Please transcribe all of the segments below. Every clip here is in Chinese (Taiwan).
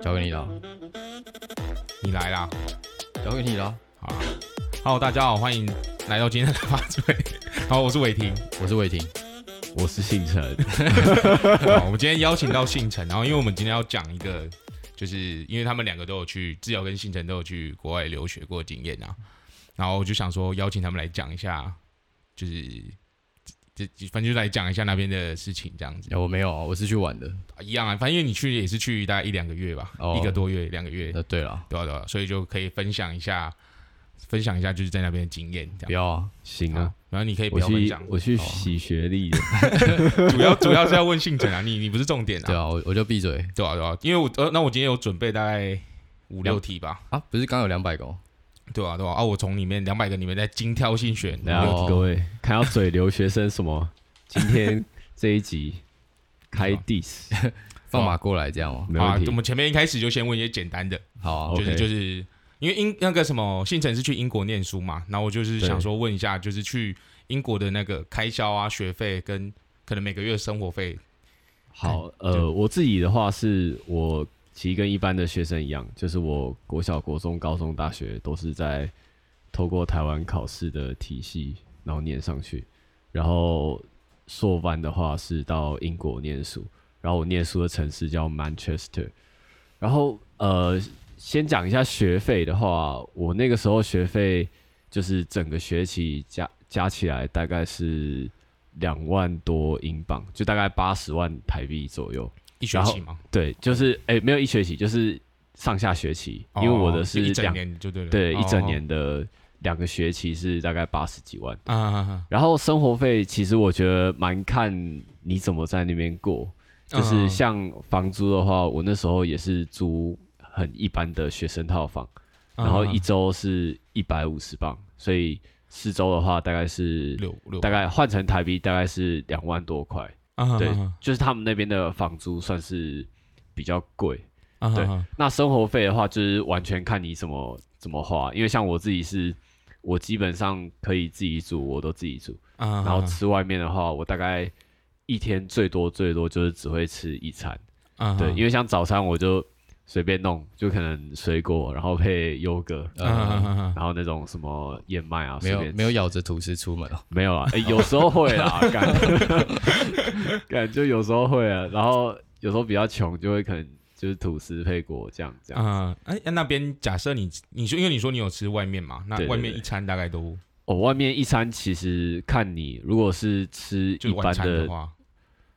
交給你了，你來啦，交給你了。好，Hello，、啊、 大家好，歡迎來到今天的喇叭嘴。 好，我是偉庭，我是偉庭，我是信誠 。我們今天邀請到信誠，然後因為我們今天要講一個，就是因為他們兩個都有去致堯、跟信誠都有去國外留學過的經驗啊，然後我就想說邀請他們來講一下，就是。反正就來講一下那邊的事情，這樣子。我、哦、沒有、啊，我是去玩的，一樣啊。反正因為你去也是去大概一兩個月吧、哦，一個多月、兩個月。呃、啊，對了，對了、啊啊，所以就可以分享一下，分享一下就是在那邊的經驗，這樣。不要、啊，行啊。然後你可以不要分享。我去洗學歷，哦、 主要主要是要問信誠啊。你你不是重點啊？對啊，我我就閉嘴，對啊對啊，因為我呃，那我今天有準備大概五六題吧、嗯？啊，不是，剛有兩百個、哦。對啊對啊，啊，我從裡面兩百個裡面再精挑細選，然後各位看到嘴留學生什麼？ 今天這一集 開 diss，放馬過來，這樣哦。沒問題啊，我們前面一開始就先問一些簡單的，好、啊，就是就是、okay、因為英那個什麼，信誠是去英國念書嘛，然後我就是想說問一下，就是去英國的那個開銷啊，學費跟可能每個月的生活費。好，呃，我自己的話是我。其實跟一般的學生一樣，就是我國小、國中、高中、大學都是在透過台灣考試的體系，然後念上去。然後碩班的話是到英國念書，然後我念書的城市叫 Manchester。然後呃，先講一下學費的話，我那個時候學費就是整個學期加加起來大概是兩萬多英鎊，就大概八十萬台幣左右。一學期嗎？對，就是哎、oh. 欸，沒有一學期，就是上下學期。Oh. 因為我的是一整年，就對了，對，oh. 一整年的兩個學期是大概八十幾萬。Oh. 然後生活費其實我覺得蠻看你怎麼在那邊過，oh. 就是像房租的話，我那時候也是租很一般的學生套房，oh. 然後一週是一百五十鎊，所以四週的話大概是大概換成台幣大概是兩萬多塊。Uh -huh, uh -huh. 對，就是他們那邊的房租算是比較貴。Uh -huh, uh -huh. 對，那生活費的話，就是完全看你怎麼怎麼花。因為像我自己是，我基本上可以自己煮，我都自己煮。Uh -huh. 然後吃外面的話，我大概一天最多最多就是只會吃一餐。Uh -huh. 對，因為像早餐我就。隨便弄，就可能水果，然後配優格、啊啊啊，然後那種什麼燕麥啊，沒有沒有咬着吐司出門？沒有啊、 欸，有時候會啊，感覺感覺有時候會啊，然後有時候比較窮，就會可能就是吐司配果醬這樣，這樣啊，哎那邊假設你你說因為你說你有吃外面嘛，那外面一餐大概都對對對哦外面一餐其實看你如果是吃一般的。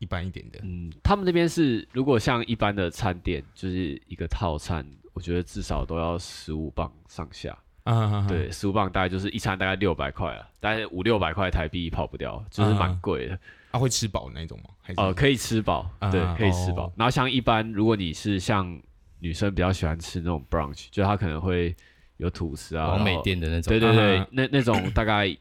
一般一點的，嗯，他們那邊是如果像一般的餐店，就是一個套餐，我覺得至少都要十五磅上下，啊、uh -huh.，對，十五磅大概就是一餐大概六百塊啊，但是五六百塊台幣跑不掉，就是蠻貴的。他、uh -huh. uh -huh. 啊、會吃飽那種嗎？哦、還是呃，可以吃飽，uh -huh. 對，可以吃飽。Uh -huh. 然後像一般，如果你是像女生比較喜歡吃那種 brunch，就是他可能會有吐司啊，網美店的那種，對對對，uh -huh. 那那種大概一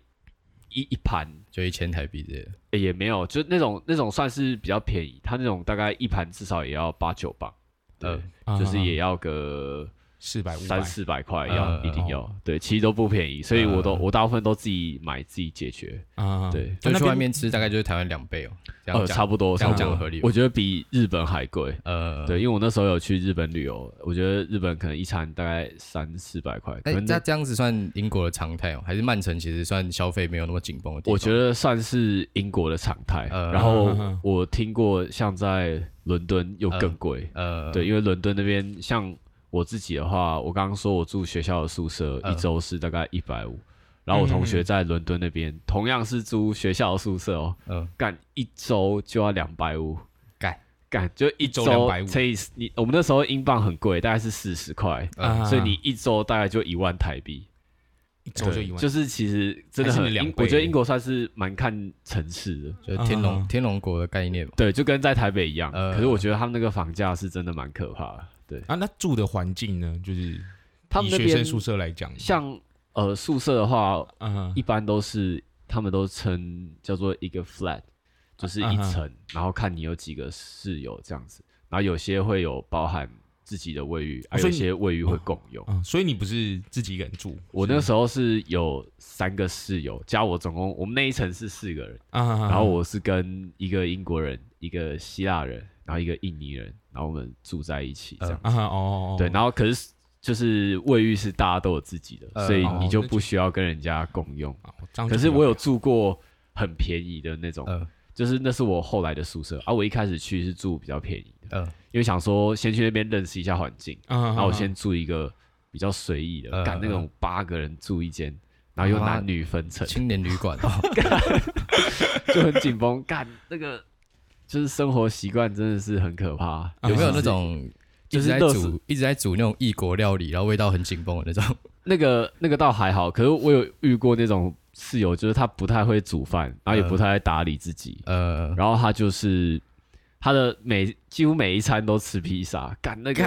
一盤。就一千台幣這樣，欸，也沒有，就那種那種算是比較便宜，他那種大概一盤至少也要八九磅，呃，嗯，就是也要個。四百五百、三四百塊要、呃、一定要、哦、對，其實都不便宜，嗯，所以我都我大部分都自己買自己解決。嗯、對、嗯嗯，就去外面吃大概就是台灣兩倍哦、喔。哦、呃，差不多，這樣講合理。我覺得比日本還貴。呃、嗯，對，因為我那時候有去日本旅遊，我覺得日本可能一餐大概三四百塊。可能那那、欸、這，這樣子算英國的常態哦、喔？還是曼城其實算消費沒有那麼緊繃的地方？我覺得算是英國的常態、嗯。然後我聽過像在倫敦又更貴。呃、嗯嗯，對，因為倫敦那邊像。我自己的話，我剛剛說我住學校的宿舍，呃、一周是大概一百五。然後我同學在倫敦那邊，嗯、同樣是住學校的宿舍哦，嗯、幹一周就要兩百五，幹幹就一周兩百五。以你我們那時候英鎊很貴，大概是四十塊，啊、所以你一周大概就一萬台幣、啊，一周就一萬，就是其實真的很，是我覺得英國算是蠻看層次的，就是天龍、啊、天龍國的概念嘛，對，就跟在台北一樣。啊、可是我覺得他們那個房價是真的蠻可怕的。對啊，那住的環境呢？就是以他們學生宿舍來講，像呃宿舍的話，嗯、uh -huh.，一般都是他們都稱叫做一個 flat，就是一層，uh -huh. 然後看你有幾個室友這樣子，然後有些會有包含自己的衛浴，而、啊啊、有些衛浴會共用。Uh -huh. Uh -huh. 所以你不是自己一個人住，我那時候是有三個室友加我，總共我們那一層是四個人，uh -huh. 然後我是跟一個英國人，一個希臘人。然後一個印尼人，然後我們住在一起這樣子。哦、呃，對，然後可是就是衛浴是大家都有自己的、呃，所以你就不需要跟人家共用、呃哦、可是我有住過很便宜的那種，呃、就是那是我後來的宿舍、呃、啊。我一開始去是住比較便宜的，呃、因為想說先去那邊認識一下環境、呃，然後我先住一個比較隨意的，幹、呃呃、那種八個人住一間，然後又男女分層青年旅館，啊啊、 就很緊繃幹那個。就是生活習慣真的是很可怕，有沒有那種一直在煮、就是那個、一直在煮那種異國料理，然後味道很緊繃的那種？那個、那個倒還好，可是我有遇過那種室友，就是他不太會煮飯，然後也不太會打理自己，呃、uh -huh.，然後他就是他的每幾乎每一餐都吃披薩、uh -huh.，幹那個，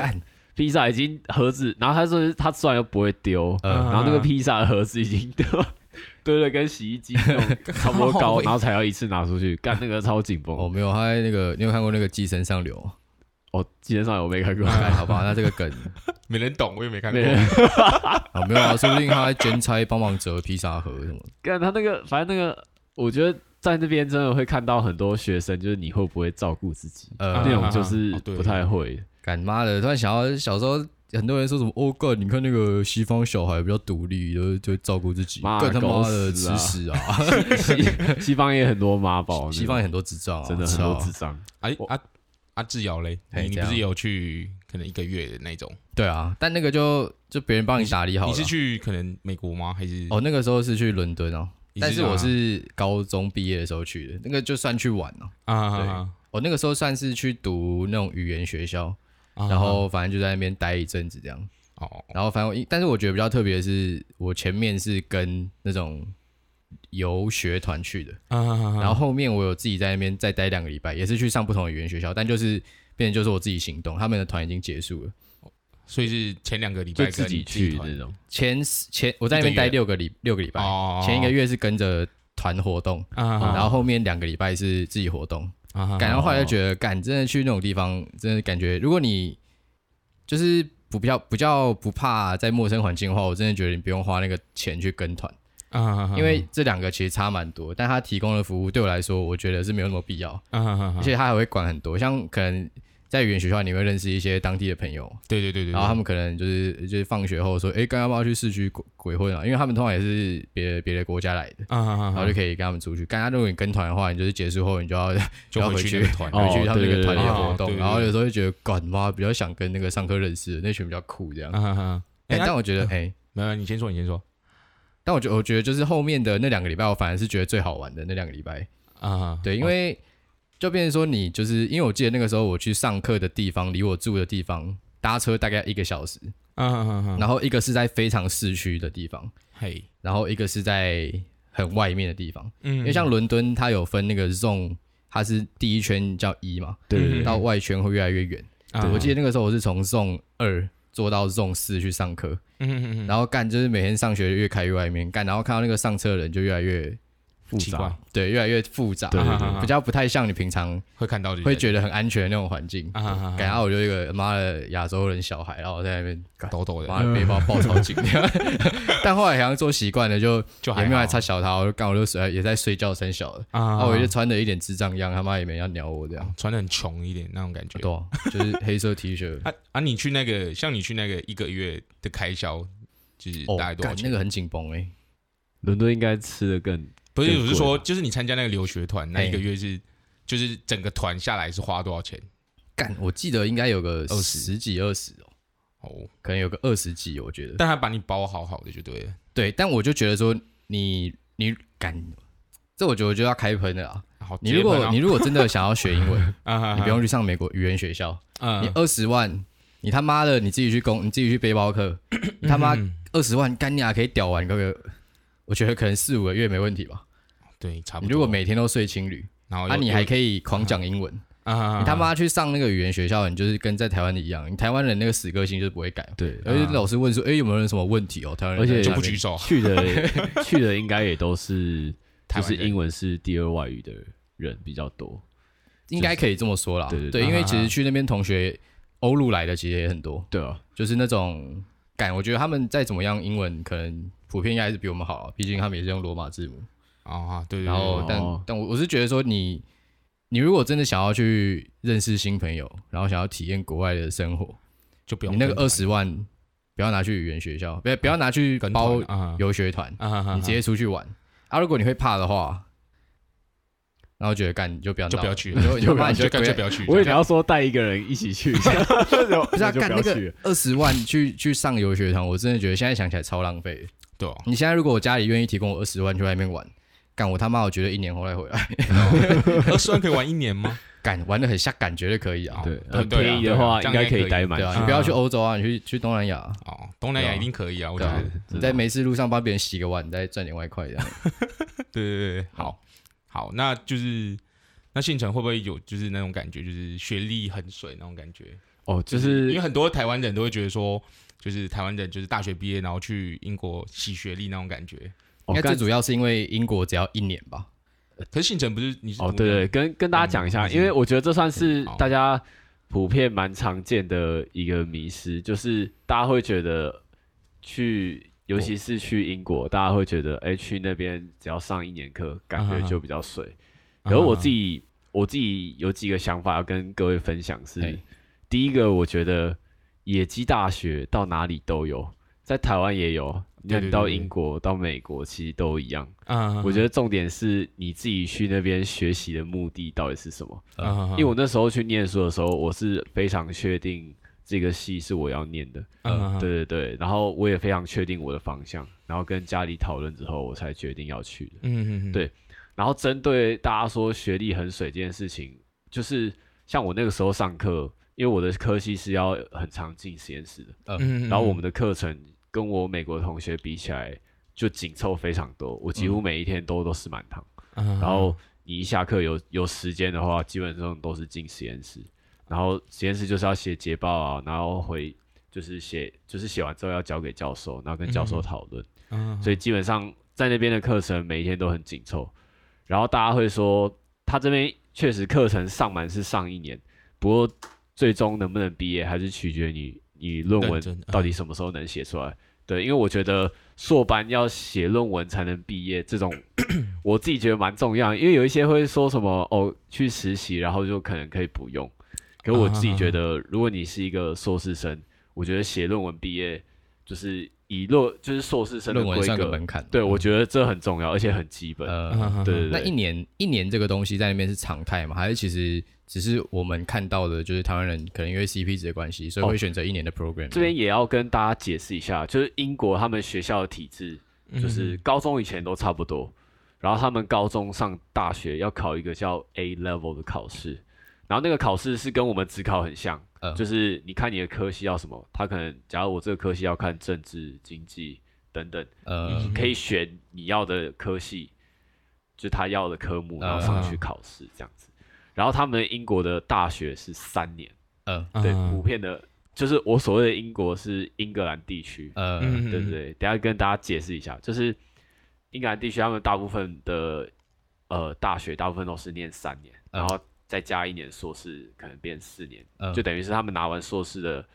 披薩已經盒子，然後他說他吃完又不會丟，uh -huh. 然後那個披薩盒子已經丟了、uh-huh. 堆了跟洗衣機差不多高，然後才要一次拿出去，幹那個超緊繃、 哦。哦，沒有，他在那個，你有看過那個寄、哦《寄生上流》？哦，《寄生上流》我沒看過。啊、看好吧，那 這個梗沒人懂，我也沒看過。啊、 哦，沒有啊，說不定他還捐差，幫忙折披薩盒什麼的。幹他那個，反正那個，我覺得在那邊真的會看到很多學生，就是你會不會照顧自己？呃，那種就是不太會。幹、啊、媽、啊啊啊啊、的，突然想到小時候。很多人說什麼哦，幹！你看那個西方小孩比較獨立，然後就會照顧自己。媽、啊、他媽的、啊，自私啊 西！西方也很多媽寶，西方也很多智障啊，真的知道很多智障、啊啊我啊啊、智障。哎，阿阿致堯嘞，你不是有去可能一個月的那種？對啊，但那個就就別人幫你打理好了，你，你是去可能美國嗎？還是哦，那個時候是去倫敦哦、啊。但是我是高中畢業的時候去的，那個就算去玩哦。啊，對，我、啊啊啊啊哦、那個時候算是去讀那種語言學校。然後反正就在那邊待一陣子這樣，uh -huh. 然後反正，但是我覺得比較特別的是，我前面是跟那種遊學團去的，uh -huh. 然後後面我有自己在那邊再待兩個禮拜，也是去上不同的語言學校，但就是變成就是我自己行動，他們的團已經結束了，所以是前兩個禮拜跟你自己去的那種，前前我在那邊待六個禮六個禮拜，uh -huh. 前一個月是跟着團活動，uh -huh. 然後後面兩個禮拜是自己活動。趕完話就覺得，敢、哦哦哦哦哦、真的去那種地方，真的感覺，如果你就是不比較、不較不怕在陌生環境的話，我真的覺得你不用花那個錢去跟團，哦哦哦哦哦哦，因為這兩個其實差蠻多，但他提供的服務對我來說，我覺得是沒有那麼必要，哦哦哦哦哦哦，而且他還會管很多，像可能。在語言學校，你會認識一些當地的朋友。對對對對,對，然後他們可能就是就是放學後說，哎、欸，剛剛要不要去市區鬼鬼混啊？因為他們通常也是別別的,的國家來的、啊啊啊，然後就可以跟他們出去。剛、啊、剛、啊、如果你跟團的話，你就是結束後你就要就要回去跟 回去他們那個團的活動、哦對對對啊。然後有時候就覺得，哇，比較想跟那個上課認識的那群比較酷這樣。哎、啊啊啊，但我覺得，哎、啊欸欸，沒有，你先說，你先說。但我覺得，我覺得就是後面的那兩個禮拜，我反而是覺得最好玩的那兩個禮拜啊,啊，對，因為。啊就變成說，你就是因為我記得那個時候我去上課的地方，離我住的地方搭車大概一個小時。Oh, oh, oh. 然後一個是在非常市區的地方，嘿、hey.，然後一個是在很外面的地方。嗯、因為像倫敦，它有分那個 zone，它是第一圈叫一嘛，對，到外圈會越來越遠。我記得那個時候我是從 zone 二坐到 zone 四去上課、嗯。然後幹就是每天上學越開越外面幹，然後看到那個上車的人就越來越。複雜奇怪，對，越來越複雜對對對、啊哈哈哈，比較不太像你平常會看到的，會覺得很安全的那種環境。感、啊、覺、啊、我就一個媽的亞洲人小孩，然後我在那邊抖抖的，媽的背包抱超緊。啊、 但後來好像做習慣了，就就還沒有來插小桃，我就剛好就睡也在睡覺生小的啊哈哈哈然啊，我就穿的一點智障一樣，啊、哈哈他媽也沒人要鳥我這樣，穿得很窮一點那種感覺，啊對啊，就是黑色 T 恤。啊 啊，啊你去那個像你去那個一個月的開銷，就是大概多少錢？哦、那個很緊繃哎，倫敦應該吃的更。不是，我是說，就是你參加那個留學團、啊、那一個月是，就是整個團下來是花多少錢？幹，我記得應該有個十幾二十哦，哦，可能有個二十幾，我覺得。但他把你包好好的就對了。對，但我就覺得說，你你幹，這我覺得就要開噴的啊！好，你如果你如果真的想要學英文， 你不用去上美國語言學校， 嗯、你二十萬，你他媽的你自己去工，你自己去背包客，你他媽二十萬幹你丫可以屌完哥哥，我覺得可能四五個月沒問題吧。對，差不多你如果每天都睡青旅，嗯、然後、啊、你還可以狂講英文。啊、你他媽去上那個語言學校，你就是跟在台灣的一樣。你台灣人那個死個性就是不會改。對、啊，而且老師問說：“哎、欸，有沒有人什麼問題哦、喔？”台灣人而且就不舉手。去的 去的應該也都是，就是英文是第二外語的人比較多，就是、應該可以這麼說啦。對，對、啊、因為其實去那邊同學歐陸來的其實也很多。對啊，就是那種感，我覺得他們再怎麼樣，英文可能普遍應該還是比我們好，畢竟他們也是用羅馬字母。嗯啊、oh, 對，對對，然後但、哦、但我我是覺得說，你你如果真的想要去認識新朋友，然後想要體驗國外的生活，就不用你那個二十萬，不要拿去語言學校，要、嗯、不要拿去包遊學團、啊，你直接出去玩。啊，如果你會怕的話，然後覺得幹就不要就不要去，有怕你就不要去。我也不要說帶一個人一起去， 這樣 不是幹、啊、要去二十萬去 去上遊學團，我真的覺得現在想起來超浪費。對、哦、你現在如果我家裡願意提供我二十萬去外面玩。幹我他媽！我覺得一年後來回來， 那雖然可以玩一年嗎？幹玩得很下感覺就可以啊。哦、對，很便宜的話應該可以待滿、啊。你不要去歐洲啊，你去去東南亞。哦，東南亞一定可以啊！啊我覺得、啊、我你在美事路上幫別人洗個碗，再賺點外快這樣。對，對對對，好好，那就是那信誠會不會有就是那種感覺，就是學歷很水那種感覺？哦，就是、就是、因為很多台灣人都會覺得說，就是台灣人就是大學畢業然後去英國洗學歷那種感覺。應該最主要是因為英國只要一年吧。陳、哦呃、信誠不是你是哦？對對，對，跟跟大家講一下、嗯，因為我覺得這算是大家普遍蠻常見的一個迷思、嗯，就是大家會覺得去，尤其是去英國，哦、大家會覺得哎、欸欸，去那邊只要上一年課，感覺就比較水。然、啊、後我自己、啊、哈哈我自己有幾個想法要跟各位分享是，是第一個，我覺得野雞大學到哪裡都有，在台灣也有。你到英國、到美國其實都一樣。Uh, 我覺得重點是、uh, 你自己去那邊學習的目的到底是什麼？Uh、因為我那時候去念書的時候，我是非常確定這個系是我要念的。Uh 嗯 uh、對對對。然後我也非常確定我的方向，然後跟家裡討論之後，我才決定要去的。Uh、對。Uh、然後針對大家說學歷很水這件事情，就是像我那個時候上課，因為我的科系是要很常進實驗室的。Uh、然後我們的課程。跟我美國同學比起來，就緊湊非常多。我幾乎每一天都、嗯、都是滿堂、嗯，然後你一下課有有時間的話，基本上都是進實驗室，然後實驗室就是要寫捷報啊，然後回就是寫就是寫完之後要交給教授，然後跟教授討論。嗯、所以基本上在那邊的課程每一天都很緊湊。然後大家會說，他這邊確實課程上滿是上一年，不過最終能不能畢業還是取決於你。你論文到底什麼時候能寫出來對對、嗯？對，因為我覺得碩班要寫論文才能畢業，這種 我自己覺得蠻重要。因為有一些會說什麼哦，去實習然後就可能可以不用。可是我自己覺得，啊、哈哈，如果你是一個碩士生，嗯、我覺得寫論文畢業就是以論，就是碩士生的規格，論文上個門檻的，對、嗯，我覺得這很重要，而且很基本。嗯嗯、對，對對。那一年一年這個東西在那邊是常態嘛？還是其實？只是我們看到的，就是台灣人可能因為 CP 值的關係，所以會選擇一年的 program，哦。這邊也要跟大家解釋一下，就是英國他們學校的體制，就是高中以前都差不多，嗯、然後他們高中上大學要考一個叫 A Level 的考試，然後那個考試是跟我們指考很像，嗯，就是你看你的科系要什麼，他可能假如我這個科系要看政治、經濟等等，呃、嗯，你可以選你要的科系，就他要的科目，然後上去考試這樣子。嗯然後他們英國的大學是三年，呃、uh, uh，-huh. 對，普遍的，就是我所謂的英國是英格蘭地區，嗯、uh,，對不對，uh -huh. 等下跟大家解釋一下，就是英格蘭地區他們大部分的呃大學大部分都是念三年，然後再加一年碩士，可能變四年，uh, uh -huh. 就等於是他們拿完碩士的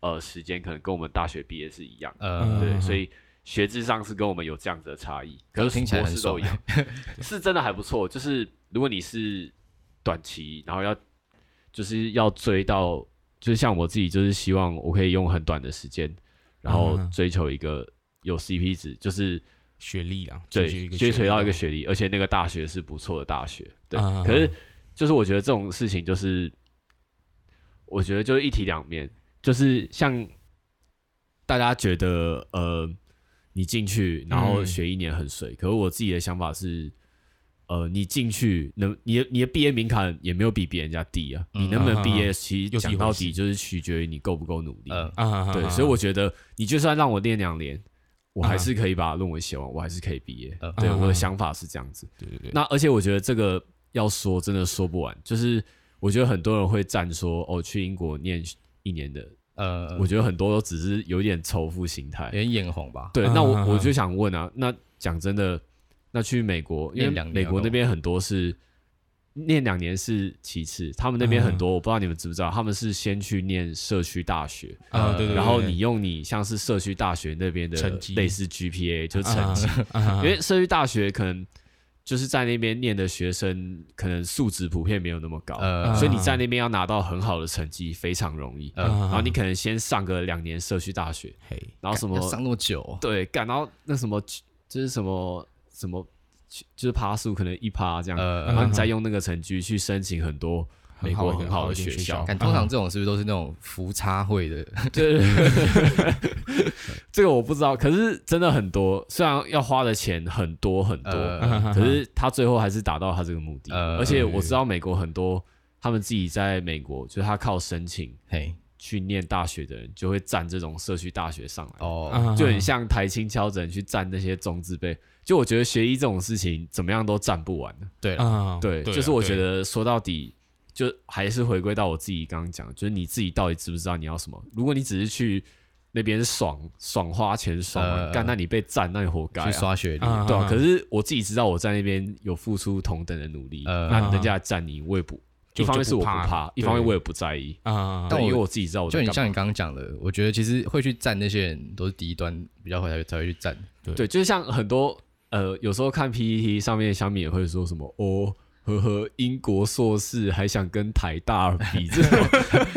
呃時間，可能跟我們大學畢業是一樣的，uh -huh. 對，所以學制上是跟我們有這樣子的差異。可是博士都一樣、哎、 是真的還不錯，就是如果你是。短期，然後要就是要追到，就是像我自己，就是希望我可以用很短的時間，然後追求一個有 CP 值，啊、就是學歷啊，啊，對，追隨到一個學歷、啊，而且那個大學是不錯的大學，對。啊、可是、啊，就是我覺得這種事情，就是我覺得就是一體兩面，就是像大家覺得，呃，你進去然後學一年很水、嗯，可是我自己的想法是。呃，你進去能，你的你的畢業門檻也沒有比別人家低啊。嗯、啊你能不能畢業，其實講到底就是取決於你夠不夠努力。嗯、啊，對，嗯啊、所以我覺得你就算讓我念兩年，我還是可以把論文寫完，我還是可以畢業。對，我的想法是這樣子。對對對，對。那而且我覺得這個要說真的說不完，就是我覺得很多人會站說哦、喔，去英國念一年的，呃、嗯啊，我覺得很多都只是有點仇富心態，有點眼紅吧。對，那我我就想問啊，那講真的。那去美國，因為美國那邊很多是念兩年是其次，他們那邊很多，嗯、我不知道你們知不知道，他們是先去念社區大學，啊、嗯、對，對對，然後你用你像是社區大學那邊的成績，類似 GPA 成績，就成績，嗯嗯，因為社區大學可能就是在那邊念的學生可能素質普遍沒有那麼高，嗯，所以你在那邊要拿到很好的成績非常容易，嗯嗯，然後你可能先上個兩年社區大學，嘿，然後什麼上那麼久，對，然後那什麼就是什麼。什麼？就是趴數可能一趴這樣，呃，然後你再用那個程序去申請很多美國很好的學校。學校通常這種是不是都是那種扶差會的？是、嗯、 這個我不知道。可是真的很多，雖然要花的錢很多很多，呃、可是他最後還是達到他這個目的、呃。而且我知道美國很多他們自己在美國，呃、就是他靠申請去念大學的人，就會占這種社區大學上來、呃、就很像台清交成去占那些中字輩。就我覺得學歷這種事情怎麼樣都占不完對對，對，就是我覺得說到底，就還是回歸到我自己剛剛講，就是你自己到底知不知道你要什麼？如果你只是去那邊爽爽花錢爽幹、呃，那你被占，那你活該去、啊、刷學歷、啊，對、啊啊。可是我自己知道我在那邊有付出同等的努力，啊、那人家占你，我也不，啊、一方面是我，不怕，面我也不，不怕，一方面我也不在意啊。但因為我自己知道我，就你像你剛剛講的，我覺得其實會去占那些人都是低端比較會才會去占，對，就像很多。呃，有時候看 PPT 上面，小米也會說什麼“哦，呵呵，英國碩士還想跟台大比？”這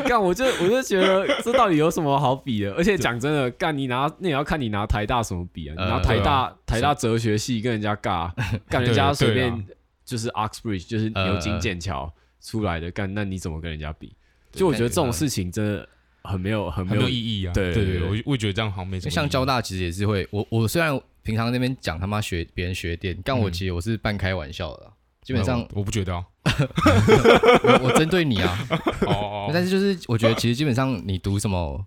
種 我就我就覺得這到底有什麼好比的？而且講真的，幹你拿那也要看你拿台大什麼比啊？你拿台大、呃、台大哲學系跟人家尬，幹，人家隨便就是 Oxbridge 就是牛津劍橋出來的，幹、呃、那你怎麼跟人家比？就我覺得這種事情真的很沒有很沒有，很沒有意義啊！對對、對、對，我我覺得這樣好像沒什麼、啊、像交大其實也是會，我我雖然。平常那邊講他媽學別人學店，但我其實我是半開玩笑的，嗯、基本上我，我不覺得、啊， 我我針對你啊， 但是就是我覺得其實基本上你讀什麼，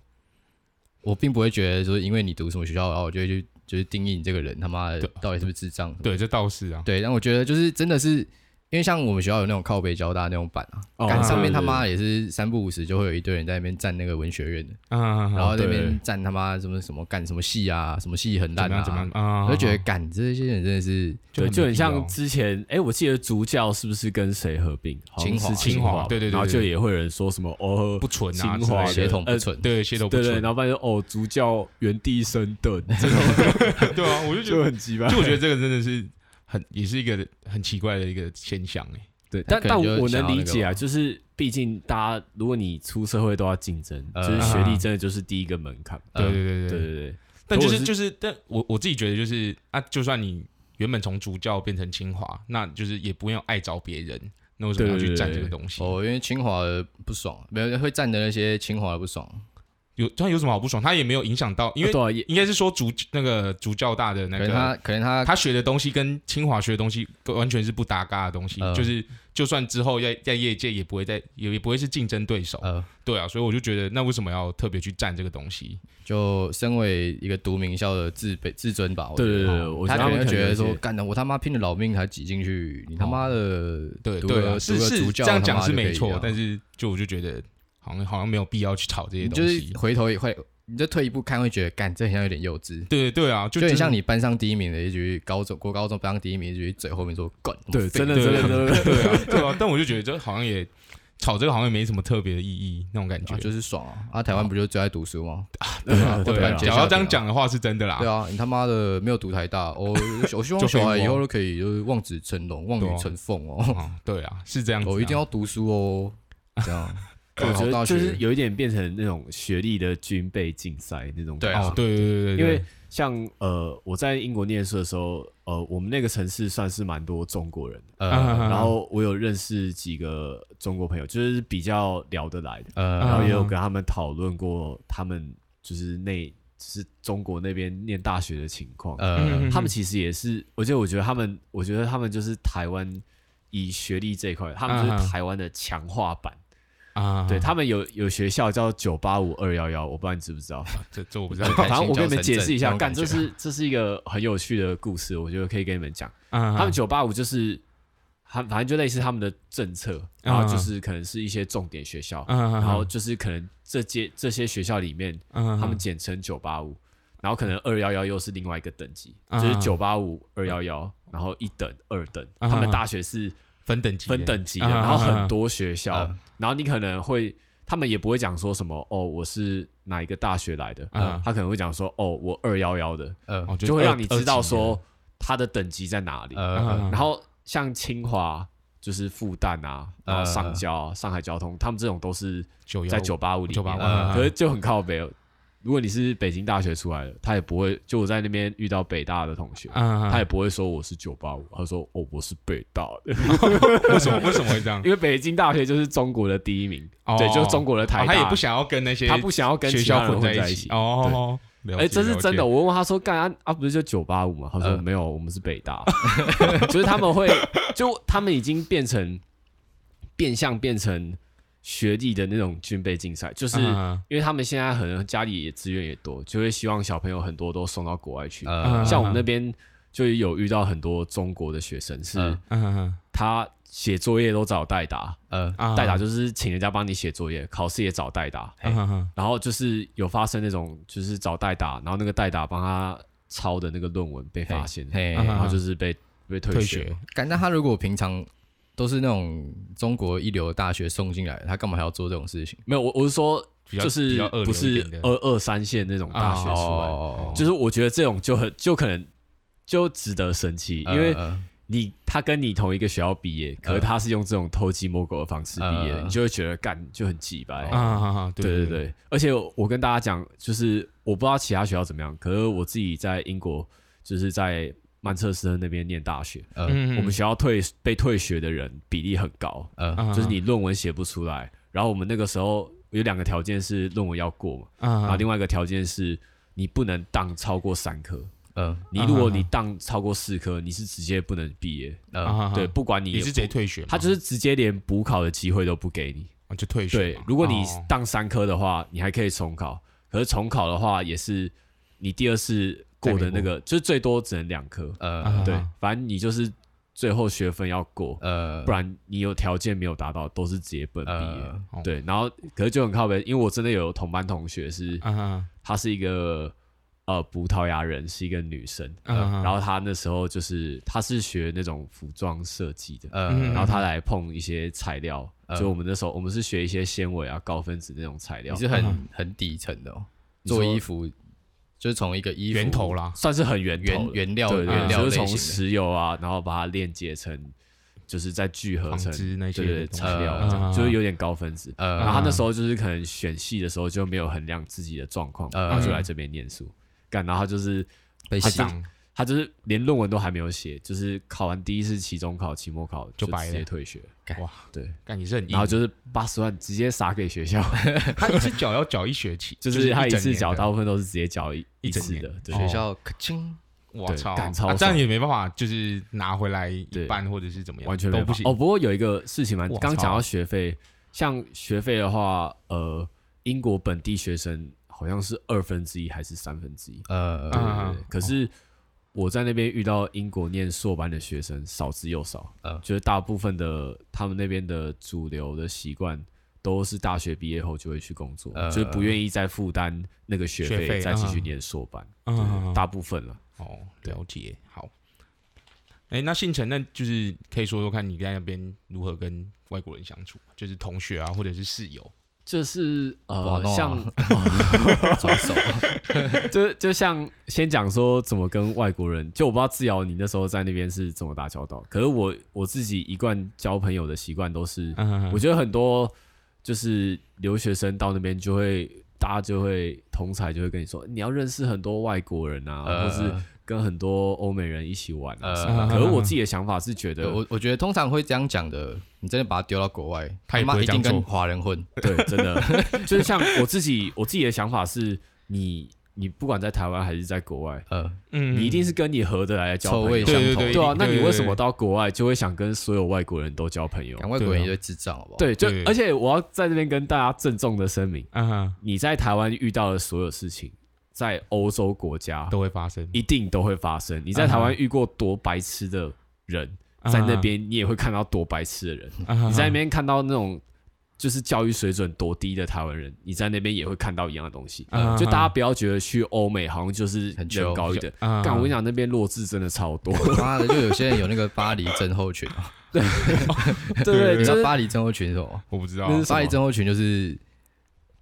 我並不會覺得說因為你讀什麼學校啊，我就會去就是定義你這個人他媽的到底是不是智障，對，這倒是啊，對，但我覺得就是真的是。因為像我們學校有那種靠北交大那種板啊，幹、oh、上面他媽也是三不五時就會有一堆人在那邊站那個文學院的，oh、然後那邊站他媽什麼什麼幹什麼系啊，什麼系很爛啊，怎麼我、啊、就覺得幹這些人真的是，就很、哦、就很像之前，哎、欸，我記得竹教是不是跟誰合併？清華，清華，對，對對對，然後就也會有人說什麼哦不純啊。清華血統不純、呃、對血統不純，對，對對，然後發現哦竹教原地升等，這種， 對啊，我就覺得就很奇葩，就我覺得這個真的是。很也是一個很奇怪的一個現象哎，對，但但我能理解啊，就是畢竟大家如果你出社會都要競爭、呃，就是學歷真的就是第一個門檻、呃。對對對對對，對，對，對但就是，是就是，但我我自己覺得就是啊，就算你原本從主教變成清華，那就是也不用礙著別人，那為什麼要去占這個東西對對對對？哦，因為清華不爽，沒有人會占的那些清華不爽。有他有什麼好不爽？他也沒有影響到，因為應該是說，主那個主教大的那個可能他，可能他他學的東西跟清華學的東西完全是不搭嘎的東西，就是就算之後在在業界也不會在，也也不會是競爭對手。對啊，所以我就覺得，那為什麼要特別去占這個東西？就身為一個讀名校的自卑自尊吧。對對對，我覺得他們覺得說，幹的我他媽拼了老命才擠進去，你他媽的，哦、對對,對，啊、是是，這樣講是,是沒錯，但是就我就覺得。好像好像沒有必要去炒這些東西，就是回頭也會，你就退一步看，會覺得幹這好像有點幼稚。對對啊，就就很像你班上第一名的一句，一就高中過高中班上第一名的一句，就嘴後面說滾。對，真的真的真的對啊，對啊。 但我就覺得這好像也炒這個好像也沒什麼特別的意義，那種感覺、啊、就是爽啊，啊。台灣不就最愛讀書嗎？啊對啊，對啊，只要、啊啊啊啊這，啊、這樣講的話是真的啦。對啊，你他媽的沒有讀台大，我、 哦、我希望小孩以後都可以就是望子成龍，望 女成鳳哦。對啊，是這樣子、啊，我、哦、一定要讀書哦。這樣。 嗯嗯、我覺得就是有一點變成那種學歷的軍備競賽，嗯，那種感覺。哦，對，對對對對。因為像呃，我在英國念書的時候，呃，我們那個城市算是蠻多中國人，嗯哼哼。呃。然後我有認識幾個中國朋友，就是比較聊得來的。呃，嗯。然後也有跟他們討論過，他們就是那，就是中國那邊念大學的情況。呃，嗯。他們其實也是，而且我覺得他們，我覺得他們就是台灣以學歷這一塊，他們就是台灣的強化版。啊、uh -huh.，對他們有有學校叫九八五二幺幺，我不知道你知不知道？這，這我不知道， 反正我給你們解釋一下，幹 這、啊就是這是一個很有趣的故事，我覺得可以給你們講。Uh -huh. 他們九八五就是他反正就類似他們的政策，uh -huh. 然後就是可能是一些重點學校，uh -huh. 然後就是可能這些這些學校裡面，uh -huh. 裡面 uh -huh. 他們簡稱九八五，然後可能二幺幺又是另外一個等級，uh -huh. 就是九八五二幺幺，然後一等二等，uh -huh. 他們大學是。分等級，分等級然後很多學校、啊哈哈，然後你可能會，他們也不會講說什麼，哦，我是哪一個大學來的，啊、他可能會講說，哦，我二幺幺的、啊，就會讓你知道說他的等級在哪裡，啊、哈哈然後像清華，就是復旦啊，然後上交、啊，上海交通，他們這種都是在九八五裡面,九八五,裡面、啊，可是就很靠北。啊如果你是北京大學出來的，他也不會，就我在那邊遇到北大的同學，uh -huh. 他也不會說我是九八五，他說哦我是北大的， 為什麼為什麼會這樣？因為北京大學就是中國的第一名，oh -oh. 對，就是中國的台大，oh -oh. Oh, 他也不想要跟那些他不想要跟學校混在一起哦。哎、oh -oh. 欸，這是真的，我問他說幹啊啊不是就九八五嗎？他說、uh -huh. 沒有，我們是北大，所 以他們會就他們已經變成變相變成。學歷的那種軍備競賽，就是因為他們現在可能家裡資源也多，就會希望小朋友很多都送到國外去。呃、像我們那邊就有遇到很多中國的學生，是他寫作業都找代打、呃，代打就是請人家幫你寫作業，呃作業呃呃作業嗯、考試也找代打、呃。然後就是有發生那種，就是找代打、呃，然後那個代打幫他抄的那個論文被發現，然後就是被被退學。感覺他如果平常。都是那種中國一流的大學送進來，他幹嘛還要做這種事情？沒有，我我是說，就是不是二二三線那種大學出來，oh, oh, oh, oh, oh, oh, oh. 就是我覺得這種就很就可能就值得生氣，嗯 uh, 因為你他跟你同一個學校畢業，uh, 可是他是用這種偷雞摸狗的方式畢業，uh, 你就會覺得幹就很雞巴，uh, uh, uh, uh,，對對對！對而且我,我跟大家講，就是我不知道其他學校怎麼樣，可是我自己在英國，就是在。南測時那邊念大學，嗯、呃，我們學校退被退學的人比例很高，嗯、呃，就是你論文寫不出來，然後我們那個時候有兩個條件是論文要過嘛，呃、然後另外一個條件是你不能當超過三科，嗯、呃呃，你如果你當超過四科，你是直接不能畢業，嗯、呃呃呃，對，不管你不你是直接退學，他就是直接連補考的機會都不給你，就退學。對，如果你當三科的話，你還可以重考，可是重考的話也是你第二次，過的那個就是，最多只能兩科，呃、啊呵呵，對，反正你就是最後學分要過，呃、啊，不然你有條件沒有達到都是直接本畢業、啊，對。然後可是就很靠北。因為我真的有同班同學是，她、啊啊、是一個呃葡萄牙人，是一個女生，啊啊、然後她那時候就是她是學那種服裝設計的，嗯、啊，然後她來碰一些材料、啊，就我們那時候我們是學一些纖維啊，啊、高分子那種材料，是很、啊、很底層的哦、喔，做衣服。就是從一個衣服源頭啦，算是很源頭原頭原料，對對對原料就是從石油啊，然後把它鏈接成，就是再聚合成就是材料，就是有點高分子、呃呃呃。然後他那時候就是可能選系的時候就沒有衡量自己的狀況、呃，然後就來這邊唸書，幹、嗯嗯，然後他就是被當。他就是連論文都還沒有寫，就是考完第一次期中考、期末考就直接退學。哇，對，感覺然後就是八十萬直接撒給學校，嗯、 他一次繳要繳一學期、就是，就是他一次繳大部分都是直接繳一一次、哦、的。學校可驚，我操，這樣也沒辦法，就是拿回來一半或者是怎麼樣，完全都不行。哦，不過有一個事情嘛，我剛講到學費，像學費的話，呃，英國本地學生好像是二分之一還是三分之一、呃？呃、啊，可是。哦我在那邊遇到英國念碩班的學生少之又少，嗯、呃，就是大部分的他們那邊的主流的習慣都是大學畢業後就會去工作，呃、就是不願意再負擔那個學費再繼續念碩班，念碩班嗯、就是嗯嗯嗯嗯，嗯，大部分了。哦，了解，對好。哎、欸，那信誠，那就是可以說說看你在那邊如何跟外國人相處，就是同學啊，或者是室友。就是呃，像，抓 就就像先講說怎麼跟外國人，就我不知道致堯你那時候在那邊是怎麼打交道，可是我我自己一貫交朋友的習慣都是、嗯哼哼，我覺得很多就是留學生到那邊就會大家就會同才就會跟你說，你要認識很多外國人啊，或、呃、是。跟很多歐美人一起玩，呃，可是我自己的想法是覺得，啊啊啊啊，我我覺得通常會這樣講的，你真的把他丟到國外，啊、他，也他一定跟華人混，啊，對，真的， 就是像我自己，我自己的想法是，你你不管在台灣還是在國外，呃、啊嗯，你一定是跟你合得來交朋友，、嗯嗯交朋友對對對，對啊，那你為什麼到國外就會想跟所有外國人都交朋友？對對對對兩外國人都智障吧，對，啊、對，對，對，對，對，就而且我要在這邊跟大家鄭重的聲明，啊，你在台灣遇到的所有事情，在歐洲國家都會發生，一定都會發生。Uh -huh. 你在台灣遇過多白痴的人，uh -huh. 在那邊你也會看到多白痴的人。Uh -huh. 你在那邊看到那種就是教育水準多低的台灣人，uh -huh. 你在那邊也會看到一樣的東西。Uh -huh. 就大家不要覺得去歐美好像就是很高一點，但、uh -huh. 我跟你講，那邊弱智真的超多。媽的，uh -huh. 就有些人有那個巴黎症候群， 對對，對，你知道巴黎症候群是什麼？我不知道，是巴黎症候群就是。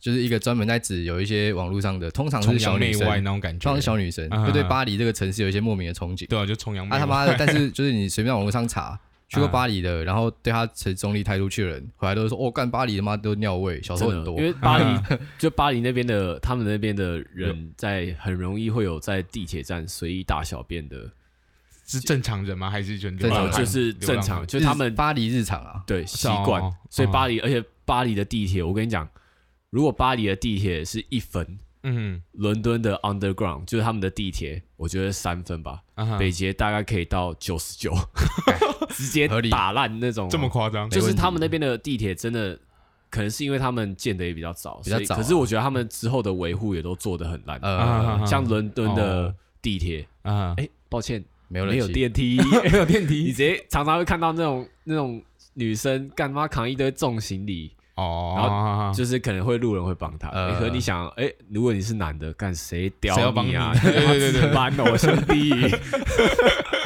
就是一個專門在指有一些網絡上的，通常是小女生外那種感覺，通常是小女生、啊，就對巴黎這個城市有一些莫名的憧憬。對、啊，就崇洋媚外。他他媽的，但是就是你隨便網絡上查、啊，去過巴黎的，然後對他持中立態度去的人、啊，回來都說哦，幹巴黎的媽都尿味，小時候很多。因為巴黎、啊、就巴黎那邊的、啊，他們那邊的人在很容易會有在地鐵站隨意大小便的，是正常人嗎？還是？正常人就是正常，就是、他們、就是、巴黎日常啊，對習慣、啊啊啊啊，所以巴黎、啊，而且巴黎的地鐵，我跟你講。如果巴黎的地鐵是一分，嗯，倫敦的 Underground 就是他們的地鐵，我覺得三分吧。Uh -huh、北捷大概可以到九十九， 直接打爛那種。 啊喔、這麼誇張？就是他們那邊的地鐵真的，可能是因為他們建的也比較早，比較早、啊。可是我覺得他們之後的維護也都做得很爛。呃、uh -huh.，uh -huh. 像倫敦的地鐵，啊，哎，抱歉，uh -huh. 沒有人有電梯，沒有電梯， 電梯 你直接常常會看到那種那種女生幹嘛扛一堆重行李。哦，然後就是可能會路人會幫他，哦，可你想，誒，如果你是男的，幹誰屌你啊？誰要幫你？對、哎、對對對， 幫你，我兄弟，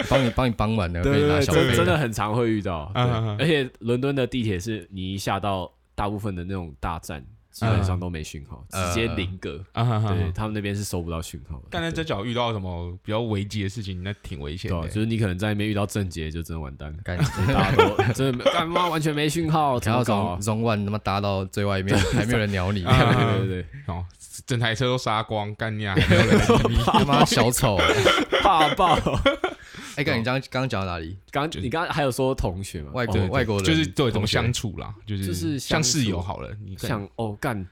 幫你幫你幫忙的，對對對，真的很常會遇到，而且倫敦的地鐵是你一下到大部分的那種大站。基本上都沒訊號，uh, 直接零格。Uh, uh, 對、uh, 他們那邊是收不到訊號的。剛才在這角遇到什麼比較危急的事情，那挺危險的、欸。就是你可能在那邊遇到搶劫，就真的完蛋。幹、欸，大家都 完全沒訊號，然後找從萬那麼搭到最外面，啊、還沒有人鳥你、 啊。對對對，哦，整台車都殺光，幹你他、啊、 媽小丑， 怕爆！Oh, 你剛剛剛講到哪裡？剛剛、就是、你剛剛還有說同學嗎？外國外國人就是對同怎麼相處啦，就是、就是、像，像室友好了。想哦，幹！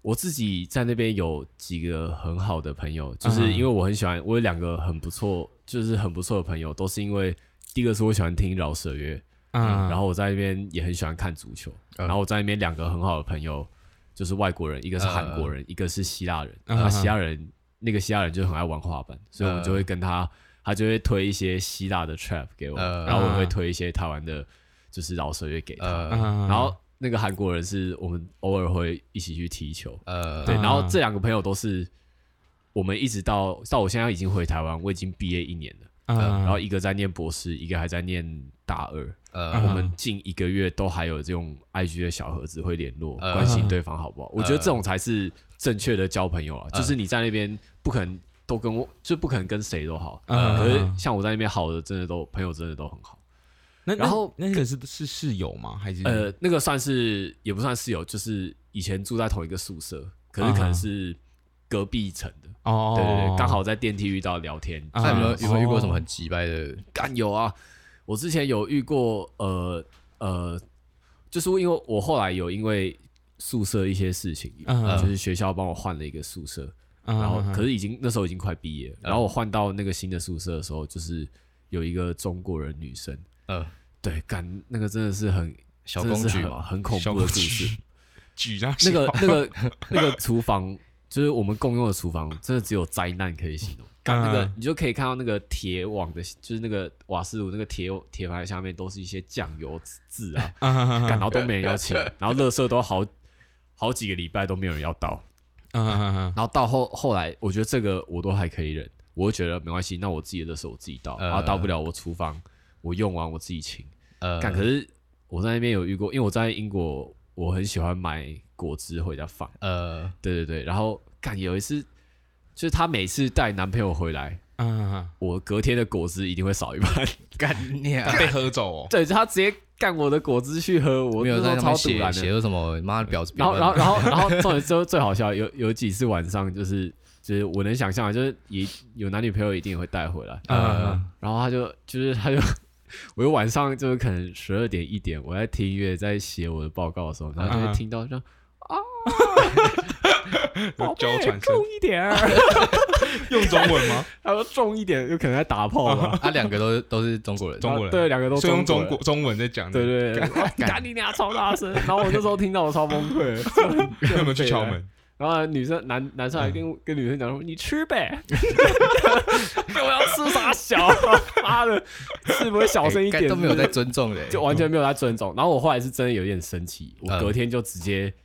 我自己在那邊有幾個很好的朋友，就是因為我很喜歡，uh -huh. 我有兩個很不錯，就是很不錯的朋友，都是因為第一個是我喜歡聽饒舌樂，uh -huh. 嗯，然後我在那邊也很喜歡看足球，uh -huh. 然後我在那邊兩個很好的朋友就是外國人，一個是韓國人，uh -huh. 一個是希臘人，、uh -huh. 人。那希臘人那個希臘人就很愛玩滑板，所以我們就會跟他。Uh -huh. 他就會推一些希臘的 trap 給我，uh, 然後我也會推一些台灣的，就是饒舌樂給他。Uh, 然後那個韓國人是我們偶爾會一起去踢球。Uh, 對。Uh, 然後這兩個朋友都是我們一直到到我現在已經回台灣，我已經畢業一年了。Uh, uh, 然後一個在念博士，一個還在念大二。uh, 我們近一個月都還有這種 IG 的小盒子會聯絡，uh, 關心對方好不好？Uh, 我覺得這種才是正確的交朋友啊！Uh, 就是你在那邊不可能。都跟我就不可能跟誰都好，uh -huh. 可是像我在那邊好的真的都朋友真的都很好。那然後那個是不是室友嗎？還是呃，那個算是也不算室友，就是以前住在同一個宿舍，可是可能是隔壁一層的哦。Uh -huh. 對，對對，剛好在電梯遇到聊天。那有沒有有沒有遇過什麼很雞掰的？Uh -huh. 甘有啊，我之前有遇過呃呃，就是因為我後來有因為宿舍一些事情，uh -huh. 就是學校幫我換了一個宿舍。然後，可是已經、uh -huh. 那時候已經快畢業了，uh -huh. 然後我換到那個新的宿舍的時候，就是有一個中國人女生，呃、uh -huh.，對，幹，那個真的是很小工具嘛，很恐怖的故事、那個。舉那個那個那個廚房 就是我們共用的廚房，真的只有災難可以形容。幹、uh -huh. 那個你就可以看到那個鐵網的，就是那個瓦斯爐那個鐵鐵盤下面都是一些醬油漬啊，幹、uh、到 -huh. 都沒人要清，uh -huh. 然後垃圾都好好幾個禮拜都沒有人要倒。嗯哼哼、嗯嗯，然後到後後來，我覺得這個我都還可以忍，我就覺得沒關係，那我自己的手我自己倒、嗯，然後倒不了我廚房，我用完我自己清。呃、嗯，幹，可是我在那邊有遇過，因為我在英國，我很喜歡買果汁回家放。呃、嗯，對對對，然後幹有一次，就是她每次帶男朋友回來嗯，嗯，我隔天的果汁一定會少一半，幹、嗯、被喝走、哦。對，她直接。幹我的果汁去喝我，我沒有超的在他們寫寫什麼，媽的婊子、嗯。然後然後然後最後最好笑，有有幾次晚上就是就是我能想象，就是也有男女朋友一定也會帶回來嗯嗯嗯，然後他就就是他就，我就晚上就是可能十二點一點，我在聽音樂在寫我的報告的時候，然後就聽到就嗯嗯，啊。 嬌喘、欸、重一點兒， 用中文嗎？他說重一點，有可能在打炮嘛？他、啊、兩個都是都是中國人，中國人、啊、對，兩個都是用中國中文在講。對對，對，趕你倆超大聲！然後我那時候聽到我超崩潰，有沒有去敲門？然後女生男男生還跟、嗯、跟女生講說：“你吃唄。 欸”我要吃啥小？媽的，是不是小聲一點都沒有在尊重？就完全沒有在尊重。然後我後來是真的有點生氣，我隔天就直接。嗯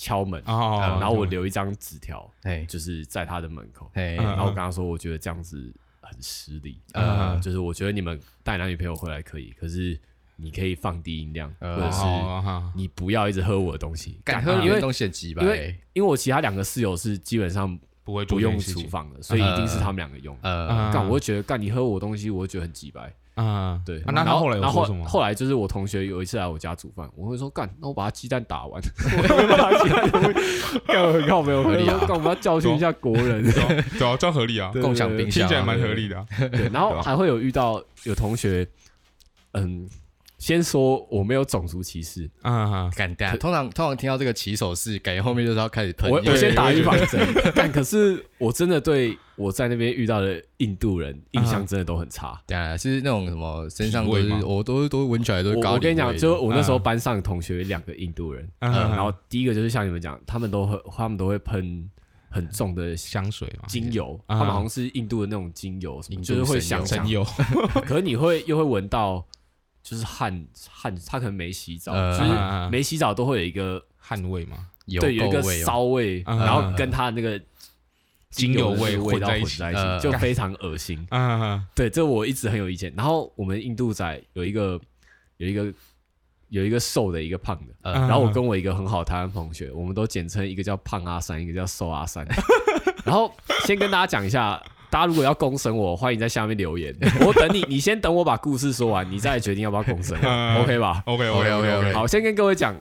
敲門 oh, oh, oh,、嗯，然後我留一張紙條，就是在他的門口，然後我跟他說，我覺得這樣子很失禮、嗯嗯嗯，就是我覺得你們帶男女朋友回來可以，可是你可以放低音量，嗯、或者是你不要一直喝我的東西，敢、嗯嗯、喝你的東西，因為、嗯、因為我其他兩個室友是基本上不會不用廚房的、嗯，所以一定是他們兩個用，幹、嗯嗯嗯嗯，我會覺得幹你喝我東西，我覺得很雞掰。啊，對，啊、然那他後然後，後來，然後後來就是我同學有一次來我家煮飯，我會說幹，那我把他雞蛋打完，幹 幹我沒有 合理、啊，我們要教訓一下國人，對啊，這樣合理啊，共享冰箱、啊，這樣蠻合理的、啊。對，對，對，對，對。然後還會有遇到有同學，嗯。先說我沒有種族歧視啊，敢、uh、干 -huh.？通常通常聽到這個起手式感覺後面就是要開始噴。我我先打預防針， 但可是我真的對我在那邊遇到的印度人、uh -huh. 印象真的都很差，對啊，是那種什麼身上都味我都都聞起來都高。我跟你講，就是、我那時候班上的同學兩、uh -huh. 個印度人，uh -huh. Uh -huh. 然後第一個就是像你們講，他們都會他們都會噴很重的香水精油、uh -huh.，他們好像是印度的那種精油，油，就是會想，想。神油， 可是你會又會聞到。就是汗汗，他可能沒洗澡、呃，就是沒洗澡都會有一個汗味嘛，對，有,有一個騷味、呃，然後跟他那個精油味味道混在一起，呃、就非常噁心。對，這我一直很有意見。然後我們印度仔有一個有一個有一個,有一個瘦的，一個胖的，呃、然後我跟我一個很好台灣同學，我們都簡稱一個叫胖阿三，一個叫瘦阿三。 然後先跟大家講一下。大家如果要公審我，歡迎在下面留言。 我等你，你先等我把故事說完，你再決定要不要公審，啊。 uh, OK 吧？OK OK OK OK。好，先跟各位講，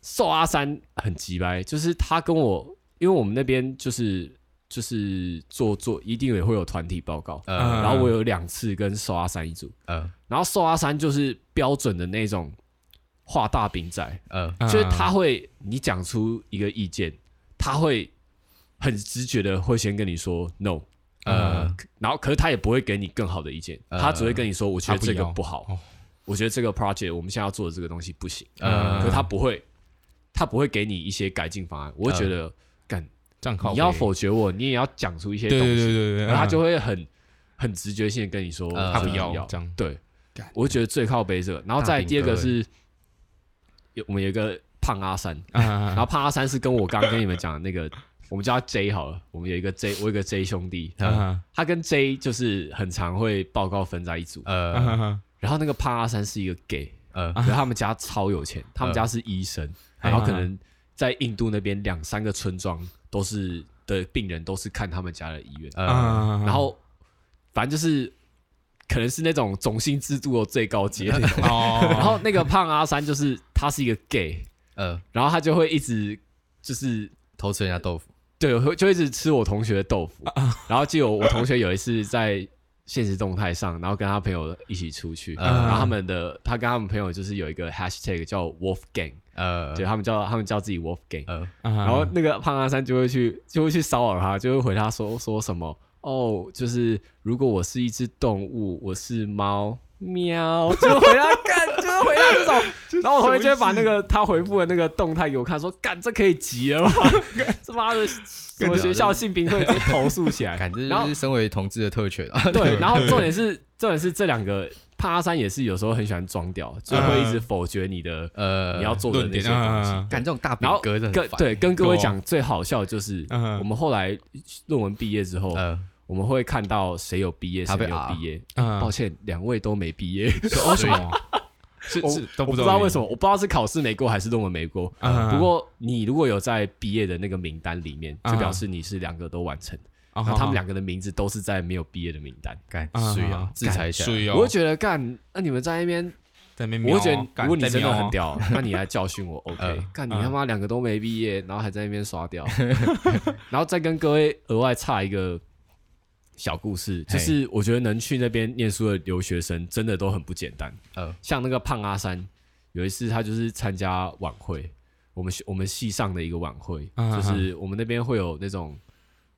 瘦阿三很急掰，就是他跟我，因為我們那邊就是就是做做，一定也會有團體報告。嗯、uh,。然後我有兩次跟瘦阿三一組。嗯、uh,。然後瘦阿三就是標準的那種畫大餅仔。嗯、uh, uh,。就是他會，你講出一個意見，他會很直覺的會先跟你說 no。呃、嗯嗯嗯，然後可是他也不會給你更好的意見，嗯、他只會跟你說，我覺得這個不好不、哦，我覺得這個 project 我們現在要做的這個東西不行。呃、嗯嗯，可是他不會，他不會給你一些改進方案。我會覺得，幹、嗯，這樣靠北，你要否決我，你也要講出一些東西。對對對、對、嗯、他就會很很直覺性的跟你說，嗯、他不要，這樣對。我覺得最靠背這個，然後再第二個是有、嗯、我們有一個胖阿三、嗯，然後胖阿三是跟我剛剛跟你們講的那個。 我們叫他 J 好了，我們有一個 J，我有個 J 兄弟，嗯 uh -huh. 他跟 J 就是很常會報告分在一組，uh -huh. 然後那個胖阿三是一個 gay，、uh -huh. 他們家超有錢，uh -huh. 他們家是醫生，uh -huh. 然後可能在印度那邊兩三個村莊都是的病人都是看他們家的醫院，uh -huh. 然後反正就是可能是那種種姓制度的最高階，uh -huh. 然後那個胖阿三就是他是一個 gay，、uh -huh. 然後他就會一直就是偷吃人家豆腐。對，會就一直吃我同學的豆腐。Uh, uh. 然後就有我，我同學有一次在限時動態上，然後跟他朋友一起出去，uh. 然後他們的他跟他們朋友就是有一個 hashtag 叫 Wolfgang，呃、uh.，就他們叫他們叫自己 Wolfgang、uh.。Uh -huh. 然後那個胖阿三就會去就會去騷擾他，就會回他說說什麼哦，就是如果我是一只動物，我是貓，喵，就回他幹。 回答這種，然後我同學就把那個他回覆的那個動態給我看，說：“幹，這可以急了嗎， 這媽的，我們學校、啊、 性平會已經投訴起來，感覺。然後，身為同志的特權，對。然後，重點是，重點是這兩個帕拉山也是有時候很喜歡裝屌，就會一直否決你的呃、uh -huh. 你, uh -huh. 你要做的那些東西。幹、uh -huh. 這種大兵哥的，對、Go. 跟各位講最好笑就是，uh -huh. 我們後來論文畢業之後，uh -huh. 我們會看到誰有畢業，誰沒有畢業。Uh -huh. 抱歉，兩位都沒畢業。 所以 是是，我都不知道為什麼，我不知道是考試沒過還是論文沒過、嗯呃嗯。不過你如果有在畢業的那個名單裡面，嗯、就表示你是兩個都完成。啊、嗯，然後他們兩個的名字都是在沒有畢業的名單。幹、嗯嗯，水啊、喔，自裁一下。啊、喔！我會覺得幹，那、啊、你們在那邊、喔，我會覺得如果你真的很屌，那，喔、你很屌 那你來教訓我。OK？幹、呃呃，你他媽兩個都沒畢業，然後還在那邊刷掉， 然後再跟各位額外差一個。小故事 hey, 就是，我覺得能去那邊念書的留學生真的都很不簡單。Uh, 像那個胖阿三，有一次他就是參加晚會，我們我們系上的一個晚會，uh -huh. 就是我們那邊會有那種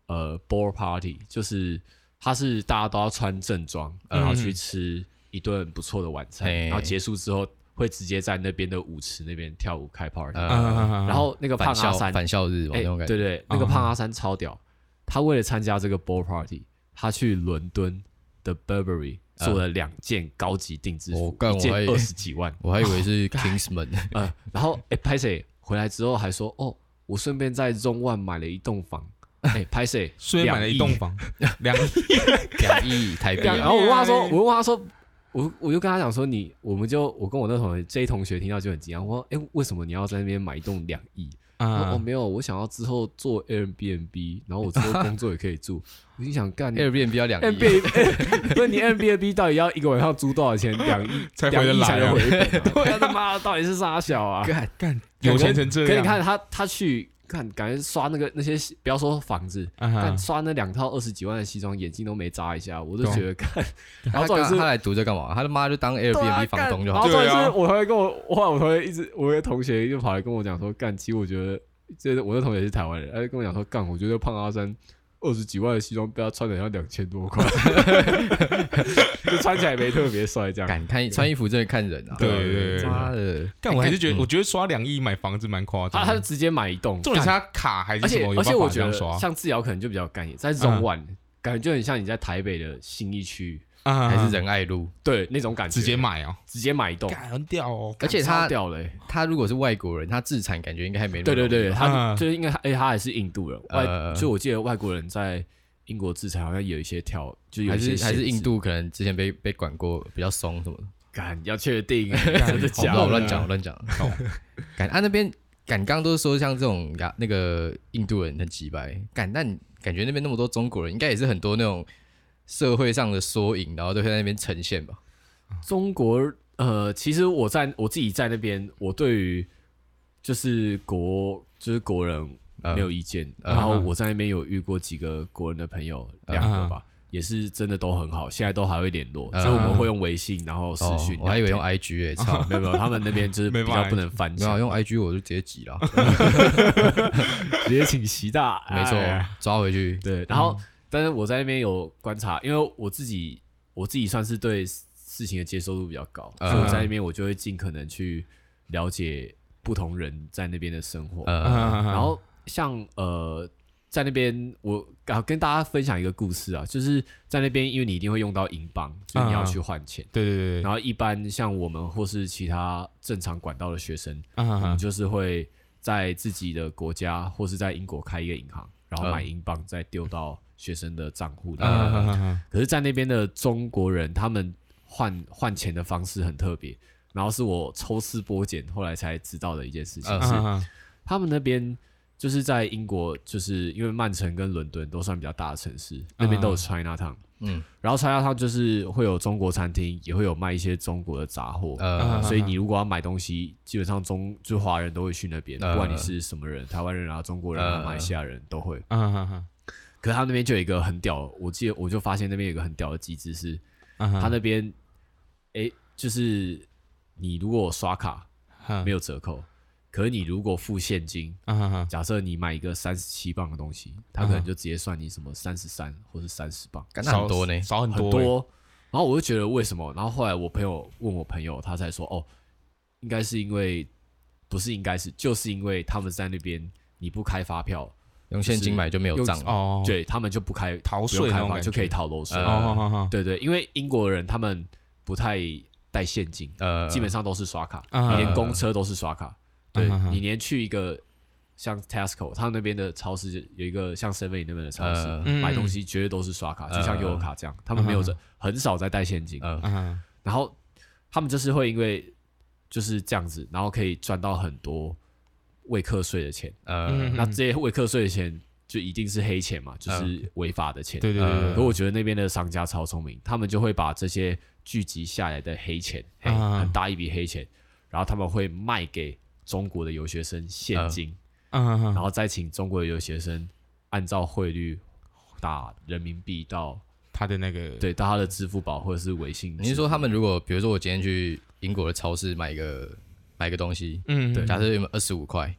呃 ball party，就是他是大家都要穿正裝，uh -huh. 然後去吃一頓不錯的晚餐，uh -huh. 然後結束之後會直接在那邊的舞池那邊跳舞開 party、uh。-huh. 然後那個胖阿三返、uh -huh. 校,返校日、欸 okay. 對對,對、uh -huh.，那個胖阿三超屌，他為了參加這個 ball party。他去倫敦的 Burberry 做了兩件高級定制服，一件二十、呃、幾萬、哦幹，我還以為是 Kingsman、啊呃。然後 Pacey 回來之後還說：“哦，我順便在 Zone One 買了一棟房。欸” Pacey 順便買了一棟房，兩億，兩億 兩億 台幣。然後我問他說：“我問他說，我我就跟他講說你，你我們就我跟我那同學 J 同學聽到就很驚訝，我說：哎、欸，為什麼你要在那邊買一棟兩億？”啊、嗯，我、哦、沒有，我想要之後做 Airbnb，然後我之後工作也可以住。 我已經想你想幹 Airbnb 要兩億？不是你 Airbnb 到底要一個晚上租多少錢？兩 億才回得來、啊 對啊？對呀、啊，他媽的到底是殺小啊？幹幹，有錢成這樣。可以看他他，他去。看，感覺刷那個那些，不要說房子，看，uh -huh. 刷那兩套二十幾萬的西裝，眼睛都沒眨一下，我都覺得幹。然、啊、後、嗯、他、嗯他，嗯、他來讀這幹嘛？他的媽就當 Airbnb、啊、房東就好。好對後、啊、我同學跟我，我我同學一直，我的同學就跑來跟我講說，幹，其實我覺得，就是我的同學是台灣人，他就跟我講說，幹，我覺得胖阿山。二十幾萬的西裝，被他穿得像兩千多塊 就穿起來也沒特別帥，這樣。敢看穿衣服，真的看人啊！對對對，媽的對對對！但我還是覺得，哎、我覺得刷兩億買房子蠻誇張。他、啊、他就直接買一棟，重點是他卡還是什麼？而且而且我覺得，像致堯可能就比較幹，也在 Zone 1感覺就很像你在台北的信義區。還是仁愛路，啊、呵呵對那種感覺，直接買啊、喔，直接買一棟，砍掉哦、喔欸。而且他掉了，他如果是外國人，他資產感覺應該還沒。對對對，他這應該，哎、欸，他還是印度人，啊、外。所以我記得外國人在英國資產好像有一些條、呃，就有些還是還是印度可能之前被被管過比較鬆什麼的。幹要確定、欸假的啊？好的，亂講亂講。幹、 哦、啊那邊幹，剛剛都說像這種牙那個印度人很奇怪，幹但感覺那邊那麼多中國人，應該也是很多那種。社會上的縮影，然後都會在那邊呈現吧。中國，呃，其實我在我自己在那邊，我對於就是國就是國人沒有意見、嗯嗯。然後我在那邊有遇過幾個國人的朋友，嗯、兩個吧、嗯嗯，也是真的都很好，現在都還會聯絡。嗯、所以我們會用微信，然後私訊、哦。我還以為用 IG 也、欸、操、差沒有沒有，他們那邊就是比較不能翻牆，用 IG 我就直接擠了， 直接請習大，哎、沒錯，抓回去。對，然後。嗯但是我在那邊有觀察，因為我自己我自己算是對事情的接受度比較高，uh -huh. 所以我在那邊我就會盡可能去了解不同人在那邊的生活。Uh -huh. 啊、然後像呃，在那邊我、啊、跟大家分享一個故事啊，就是在那邊因為你一定會用到英鎊，所以你要去換錢。Uh -huh. 對對對。然後一般像我們或是其他正常管道的學生，uh -huh. 我們就是會在自己的國家或是在英國開一個銀行，然後買英鎊再丟到。學生的賬戶的，可是，在那邊的中國人，他們換換錢的方式很特別，然後是我抽絲剝繭，後來才知道的一件事情是，他們那邊就是在英國，就是因為曼城跟倫敦都算比較大的城市，那邊都有 China Town， 嗯、然後 China Town 就是會有中國餐廳，也會有賣一些中國的雜貨，所以你如果要買東西，基本上中就華人都會去那邊，不管你是什麼人，台灣人啊、中國人啊、馬來西亞人都會，可他那邊就有一個很屌，我記得我就發現那邊有一個很屌的機制是，uh -huh. 他那邊，誒、欸，就是你如果刷卡、uh -huh. 沒有折扣，可是你如果付現金，uh -huh. 假設你買一個三十七磅的東西，他可能就直接算你什麼三十三或是三十磅、uh -huh. 30磅多欸，少很多呢？欸，少很多。然後我就覺得為什麼？然後後來我朋友問我朋友，他才說哦，應該是因為不是應該是，就是因為他們在那邊你不開發票。用現金買就沒有賬了有、哦，對，他們就不開，逃稅嘛，就可以逃漏稅。呃哦哦哦、對，對對，因為英國人他們不太帶現金，呃，基本上都是刷卡，呃、連公車都是刷卡。呃、對、呃、你連去一個像 Tesco，他們那邊的超市有一個像 Seven Eleven，呃、的超市，呃，買東西絕對都是刷卡，呃、就像悠遊卡這樣，呃呃，他們沒有這、呃、很少在帶現金，呃呃呃。然後他們就是會因為就是這樣子，然後可以賺到很多，未課稅的錢，呃、嗯嗯，嗯、那這些未課稅的錢就一定是黑錢嘛，就是違法的錢。對對對。可我覺得那邊的商家超聰明，他們就會把這些聚集下來的黑錢，嗯嗯嗯嗯很大一筆黑錢，然後他們會賣給中國的留學生現金，嗯嗯嗯嗯然後再請中國的留學生按照匯率打人民幣到他的那個，對，到他的支付寶或者是微信。你、嗯、是、嗯嗯嗯、說他們如果，比如說我今天去英國的超市買一個買一個東西，嗯、嗯、嗯對，假設有二十五塊。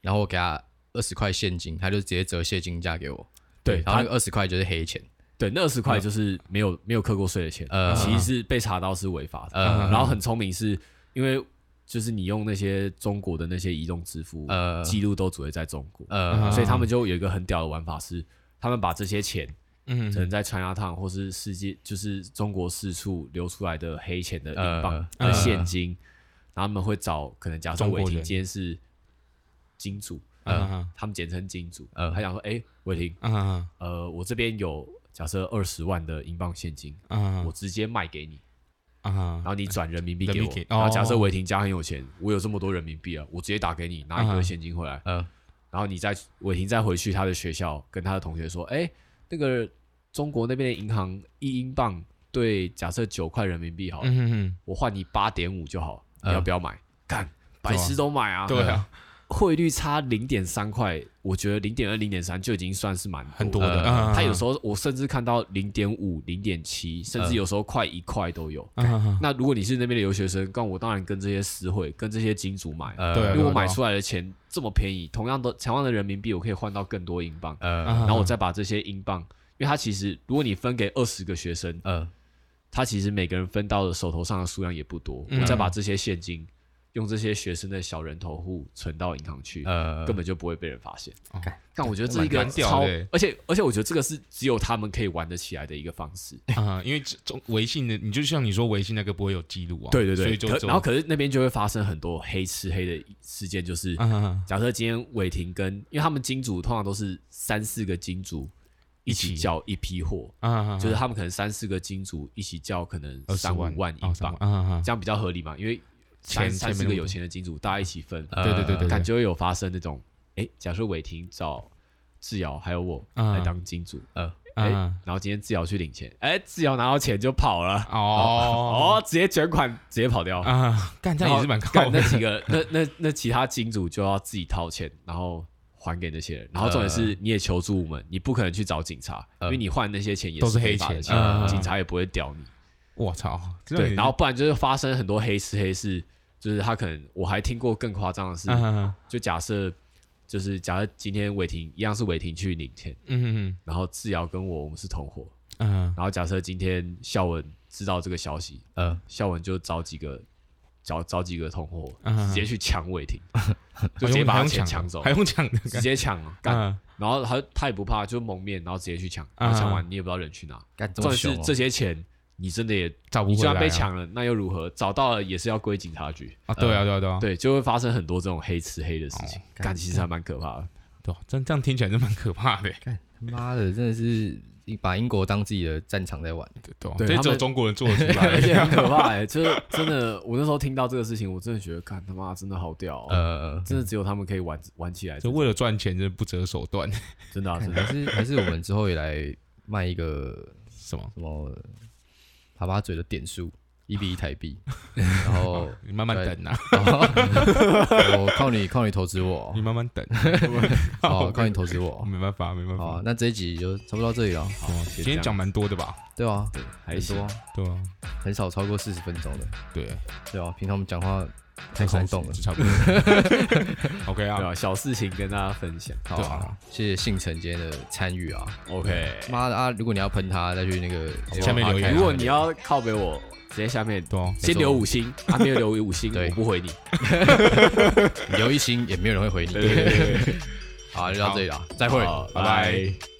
然後我給他二十塊現金，他就直接折現金價給我。對，然後那二十塊就是黑錢。對，那二十塊就是沒有、嗯、沒有扣過稅的錢。呃，其實是被查到是違法的。呃、然後很聰明，是因為就是你用那些中國的那些移動支付，呃，記錄都只會在中國、呃。所以他們就有一個很屌的玩法是，他們把這些錢，嗯哼哼，可能在 China Town 或是世界，就是中國四處流出來的黑錢的英鎊的現金，呃呃、然後他們會找可能假設中國人是金主，呃，他們簡稱金主，呃，他想說，誒，偉庭，呃，我這邊有假設二十萬的英鎊現金，我直接賣給你，然後你轉人民幣給我，假設偉庭家很有錢，我有這麼多人民幣啊，我直接打給你，拿一個現金回來，嗯，然後你再偉庭再回去他的學校，跟他的同學說，誒，那個中國那邊的銀行一英鎊對假設九塊人民幣好了，我換你八點五就好，你要不要買？幹，白痴都買啊，對啊。匯率差零點三塊，我覺得零點二、零點三就已經算是蠻多，很多的、呃。他有時候我甚至看到零點五、零點七，甚至有時候快一塊都有、呃 okay, 呃。那如果你是那邊的留學生，告訴我當然跟這些私會、跟這些金主買，因為我買出來的錢這麼便宜，同樣的、同樣的人民幣，我可以換到更多英鎊、呃呃。然後我再把這些英鎊，因為他其實如果你分給二十個學生、呃，他其實每個人分到的手頭上的數量也不多。我再把這些現金。嗯用這些學生的小人頭戶存到銀行去，uh, 根本就不會被人發現。但、哦、我覺得這是一個超，而且而且我覺得這個是只有他們可以玩得起來的一個方式、嗯、因為中微信的，你就像你說微信那個不會有記錄啊。對對對，然後可是那邊就會發生很多黑吃黑的事件，就是假設今天偉庭跟因為他們金主通常都是三四個金主一起叫一批貨、嗯，就是他們可能三四個金主一起叫可能三五、嗯、萬以上、哦嗯嗯、這樣比較合理嘛？因為三三四個有錢的金主大家一起分，對對對對，感覺會有發生那種。哎、呃欸，假設偉庭找致堯還有我來當金主，嗯、呃，哎、欸，然後今天致堯去領錢，哎、欸，致堯拿到錢就跑了，哦哦、哦，直接捲款直接跑掉。嗯、幹仗也是蠻靠。怖。那幾個，那那那其他金主就要自己掏錢，然後還給那些人。然後重點是，嗯、你也求助我們，你不可能去找警察，嗯、因為你換那些錢也是，的錢都是黑錢，警察也不會屌你。嗯嗯我操！對，然後不然就是發生很多黑吃黑事，就是他可能我還聽過更誇張的事、啊，就假設就是假設今天偉庭一樣是偉庭去領錢，嗯哼哼然後致堯跟我我們是同夥，嗯、啊，然後假設今天孝文知道這個消息，呃、啊，孝文就找幾個找找幾個同夥、啊、哈哈直接去搶偉庭，啊、就直接把他錢搶走，還用搶？直接搶啊！然後他他也不怕，就蒙面然後直接去搶，搶、啊、完你也不知道人去哪，算、啊、是這些錢。你真的也找不回來、啊。然被搶了，那又如何？找到了也是要歸警察局啊。對啊，對啊，對啊。對，就會發生很多這種黑吃黑的事情，感、哦、其實還蠻可怕的。對，真這樣聽起來就蠻可怕的。看他媽的，真的是把英國當自己的戰場在玩，對對、啊、對只有中國人做得出來，而且很可怕。哎， 就是真的，我那時候聽到這個事情，我真的覺得，看他媽的真的好屌、哦。呃，真的只有他們可以玩玩起來，就為了賺錢，真的不擇手段。真的、啊是，還是 還是我們之後也來賣一個什麼什麼。什麼喇叭嘴的點數一比一台幣， 然後你慢慢等啊， 我靠你靠你投資我，你慢慢等，慢慢 好,好靠你投資我,我沒，沒辦法沒辦法。好，那這一集就差不多到這裡了。好，今天講蠻多的吧？對啊，對還,還多、啊對啊，對啊，很少超過四十分鐘的。對，對啊，平常我們講話。太空洞了，就差不多。OK、um. 啊，小事情跟大家分享。好、啊好，啊好啊，謝謝信誠今天的參與啊。OK，媽的啊！如果你要噴他，再去那個下面留言啊。如果你要靠北我，直接下面啊、先留五星，他沒、啊、沒有留五星， 我不回你。 你留一星，也沒有人會回你。對對對對對對 好啊，就到這裡了，再會啊，拜拜。拜拜